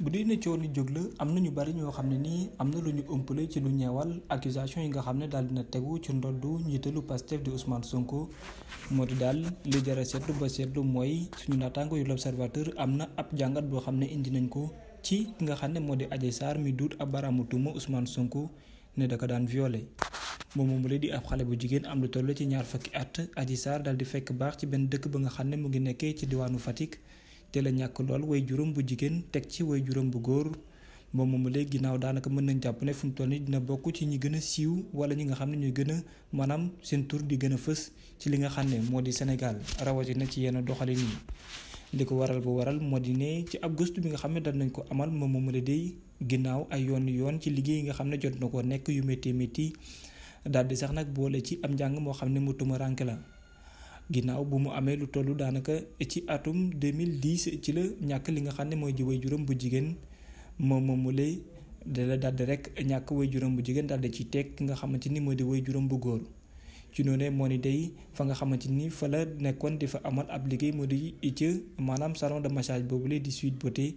bu dee ne coow li jóg la am na ñu bari ñoo xam ne nii am na lu ñu ëmpale ci lu ñeewal accusation yi nga xam ne daal dina tegu ci ndoddu njiitalu Pastef di Ousmane Sonko moo di daal li jara seetlu ba seetlu mooy suñu naataango yu l'Observateur am na ab jàngat boo xam ne indi nañ ko ci ki nga xam ne moo di Adji Sarr mi duut ab baraamu tuuma Ousmane Sonko ne da ko daan violé moom moom la di ab xale bu jigéen am lu toll ci ñaar fukki at Adji Sarr daal di fekk baax ci benn dëkk ba nga xam ne mu ngi nekkee ci diwaanu Fatick. te la ñàkk lool way juróom bu jigéen teg ci way juróom bu góor moom moomu léegi ginnaaw daanaka mën nañ jàpp ne fu mu toll nii dina bokk ci ñu gën a siiw wala ñi nga xam ne ñuy gën a maanaam seen tur di gën a fës ci li nga xam ne moo di Sénégal rawatina ci yenn doxalin yi. li ko waral bu waral moo di ne ci ab gëstu bi nga xam ne dal nañ ko amal moom ma la day ginnaaw ay yoon yoon ci liggéey yi nga xam ne jot na ko nekk yu métti métti daal di sax nag boole ci am njàng moo xam ne mu la. ginnaaw bu mu amee lu tollu daanaka ci atum 2010 ci la ñàkk li nga xam ne mooy ji way juróom bu jigéen moo moom mu lay dala daldi rek ñàkk way juróom bu jigéen daldi ci teg ki nga xamante ni moo di way juróom bu góor ci noonu moo ni day fa nga xamante ni fa la nekkoon di fa amal ab liggéey moo di ci maanaam salon de massage boobu lay di Sweet Beauté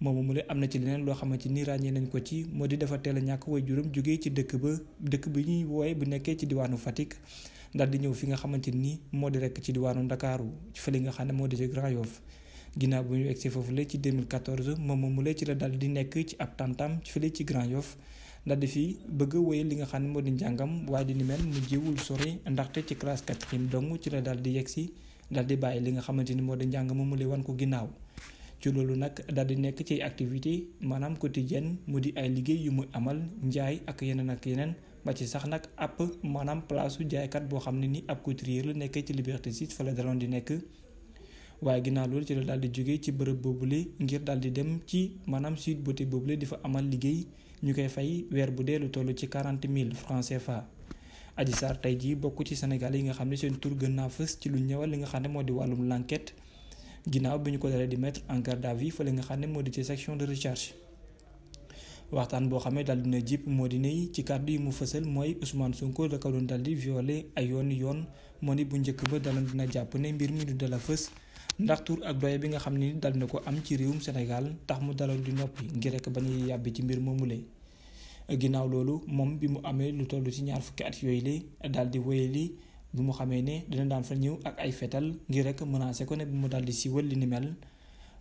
moomu mu ne am na ci leneen loo xamante ni ràññee nañ ko ci moo di dafa teel a ñàkk way juróom jógee ci dëkk ba dëkk bi ñuy wooye bu nekkee ci diwaanu Fatick ndax di ñëw fi nga xamante ni moo di rekk ci diwaanu Ndakaaru ci fële nga xam ne moo di ci Grand Yoff ginnaaw bu ñu egsi foofule ci 2014 moom mu ci la daal di nekk ci ab tam-tam ci fële ci Grand fi bëgg a li nga xam ne moo di njàngam waaye di ni mel mu jiwul sori ndaxte ci classe quatrième dong ci la daal di yegsi daal di bàyyi li nga xamante ni moo di njàng mu lee wan ko ginnaaw ci loolu nag daal di nekk ci activité maanaam quotidienne mu di ay liggéey yu muy amal njaay ak yeneen ak yeneen ba ci sax nag app maanaam place su jaaykat boo xam ne ni ab couturier la nekkee ci Liberté 6 fa la daloon di nekk waaye ginnaaw loolu ci la daal di jógee ci bërëb boobule ngir daal di dem ci maanaam sud beauté boobule di fa amal liggéey ñu koy fay weer bu dee lu toll ci quarante 000 francs CFA. aji Sarr tey jii bokk ci Sénégal yi nga xam ne seen tur gën naa fës ci lu ñëwal li nga xam ne moo di wàllum l'enquête ginnaaw bi ñu ko dalee di mettre en garde à fële nga xam ne moo di ci section de recherche. waxtaan boo xamee daal dina jip moo di ne ci kàddu yi mu fësal mooy Ousmane Sonko da ko doon daal di violé ay yoon yoon moo ni bu njëkk ba daloon dina jàpp ne mbir mi du dala fës ndax tur ak doye bi nga xam ne dal na ko am ci réewum Sénégal tax mu daloon di noppi ngir rek ba ñuy yàbbi ci mbir moomu lay ginnaaw loolu moom bi mu amee lu toll ci ñaar fukki at yooyu la bi mu xamee ne dina daan fa ñëw ak ay fetal ngir rek menacer ko ne bi mu daal di siiwal li ni mel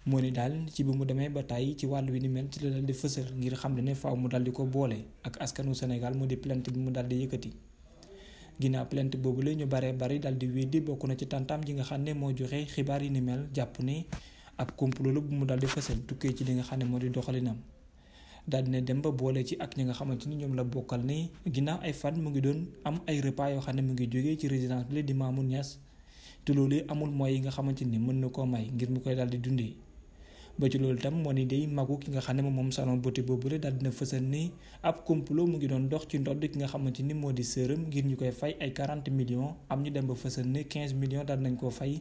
moo ne daal ci bi mu demee ba tàyyi ci wàll wi ni mel ci la daal di fësal ngir xam ne faw mu daal di ko boole ak askanu Sénégal mu di plainte bi mu daal di yëkkati. ginnaaw plainte boobu la ñu baree bari daal di weddi bokk na ci tàntaam ji nga xam ne moo joxe xibaar yi ni mel jàpp ne ab complot la bu mu daal di fësal tukkee ci li nga xam ne moo di doxalinam. daal dina dem ba boole ci ak ñi nga xamante ni ñoom la bokkal ni ginnaaw ay fan mu ngi doon am ay repas yoo xam ne mu ngi jógee ci résidence bi di Mamour Niass te loolu amul mooy yi nga xamante ni mën na koo may ngir mu koy daal di dundee. ba ci loolu tam moo ni day magu ki nga xam ne moom salon beauté boobu la daal dina fësal ni ab mu ngi doon dox ci ndodd ki nga xamante ni moo di sërëm ngir ñu koy fay ay 40 millions am ñu dem ba fësal ni 15 millions daal nañ koo fay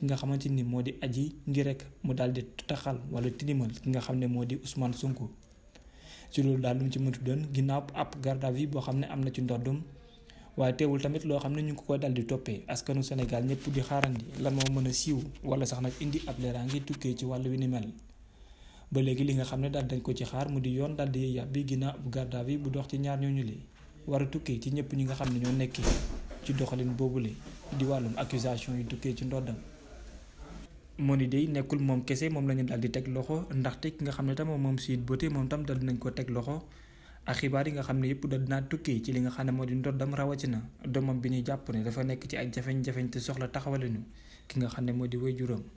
ki nga xamante ni moo di aji ngir rek mu daal di taxal wala tilimal ki nga xam ne moo di Ousmane Sonko. ci loolu daal lu ci mënti doon ginnaaw app garde à boo xam ne am na ci ndoddum waaye teewul tamit loo xam ne ñu ngi ko koy dal di toppee askanu Sénégal ñëpp di xaarandi la moo mën a siiw wala sax nag indi ab leeraange tukkee ci wàllu wi ni mel ba léegi li nga xam ne daal dañ ko ci xaar mu di yoon daal di yàbbi ginnaaw ab garde à bu dox ci ñaar ñooñu li wara tukkee ci ñëpp ñi nga xam ne ñoo nekkee ci doxalin boobule di wàllum accusation yu tukkee ci ndoddam moo Moni dey nekkul moom kese moom la ñu daal di teg loxo ndaxte ki nga xam ne tam moom Sweet Beauté moom tam dal dinañ ko teg loxo ak xibaar yi nga xam ne yëpp dal dinaa tukki ci li nga xam ne moo di ndoddam rawatina doomam bi ñuy jàpp ne dafa nekk ci ay jafeñ-jafeñ te soxla taxawale ñu ki nga xam ne moo di waajuram